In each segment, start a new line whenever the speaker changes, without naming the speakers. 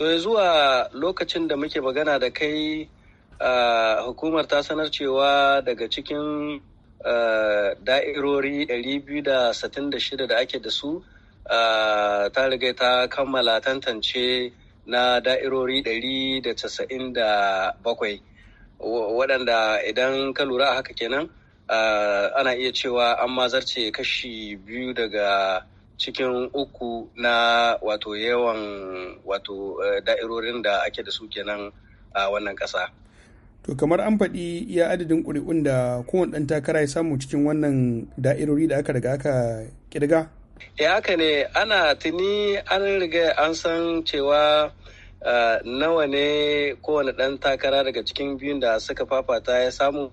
To ya zuwa lokacin da muke magana da kai hukumar ta sanar cewa daga cikin da'irori 266 da ake da su ta riga ta kammala tantance na da'irori 197 waɗanda idan ka lura a haka kenan ana iya cewa an mazarce kashi biyu daga cikin uku na wato yawan wato eh, da'irorin da ake da su kenan a wannan ƙasa.
To kamar an faɗi iya adadin ƙuri'un da kowane ɗan takara ya samu cikin wannan da'irori da aka riga aka ƙirga?
Ya eh, haka ne ana tuni an riga an san cewa eh, nawa ne kowane ɗan takara daga cikin biyun da suka fafata ya samu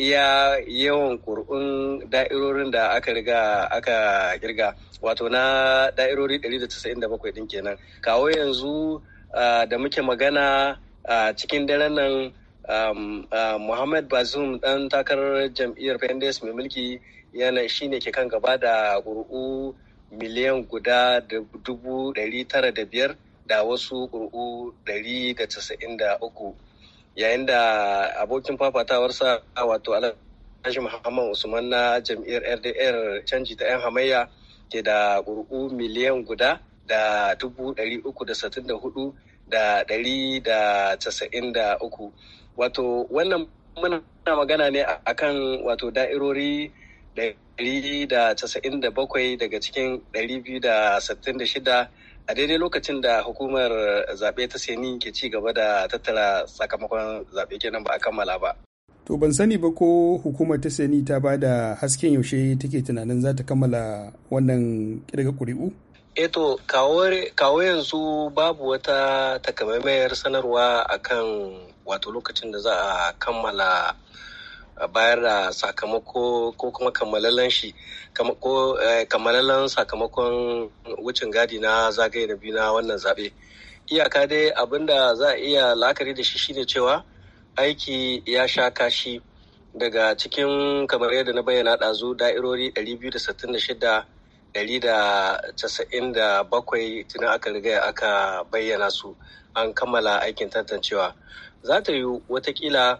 iya yawan kur'un da'irorin da aka riga aka kirga wato na da'irori 197 din kenan kawo yanzu da muke magana cikin daren nan um, uh, Muhammad Bazoum dan takarar jam'iyyar PNDS mai mulki yana shi ne ke kan gaba da kur'u miliyan guda da dubu da biyar da wasu kur'u 193 yayin da abokin fafatawarsa wato alhaji muhammad usman na jam'iyyar rdr canji ta 'yan hamayya ke da ƙuri'u miliyan guda da dubu ɗari uku da satin da hudu da ɗari da casa'in da uku wato wannan muna magana ne a kan wato da'irori ɗari da casa'in da bakwai daga cikin ɗari biyu da sittin da shida a daidai lokacin da hukumar zaɓe ta seni ke ci gaba da tattara sakamakon zaɓe kenan ba a kammala ba
to ban sani ba ko hukumar ta seni ta ba da hasken yaushe take tunanin za ta kammala wannan kirga ƙuri'u
eto eh kawo yanzu babu wata takamaimayar sanarwa akan wato lokacin da za a kammala bayar da sakamako ko kuma kammalallen shi eh, kammalallen sakamakon wucin gadi na zagaye na biyu na wannan zaɓe iyaka dai abinda za a iya la'akari da shi shine cewa aiki ya sha kashi daga cikin kamar yadda na bayyana ɗazu da'irori 266,197 197 tuni aka riga aka bayyana su an kammala aikin tantancewa za ta yi watakila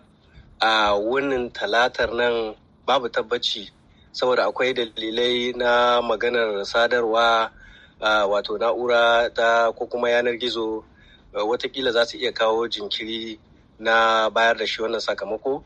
a wunin talatar nan babu tabbaci saboda akwai dalilai na maganar sadarwa wato na'ura ta ko kuma yanar gizo watakila za su iya kawo jinkiri na bayar da shi wannan sakamako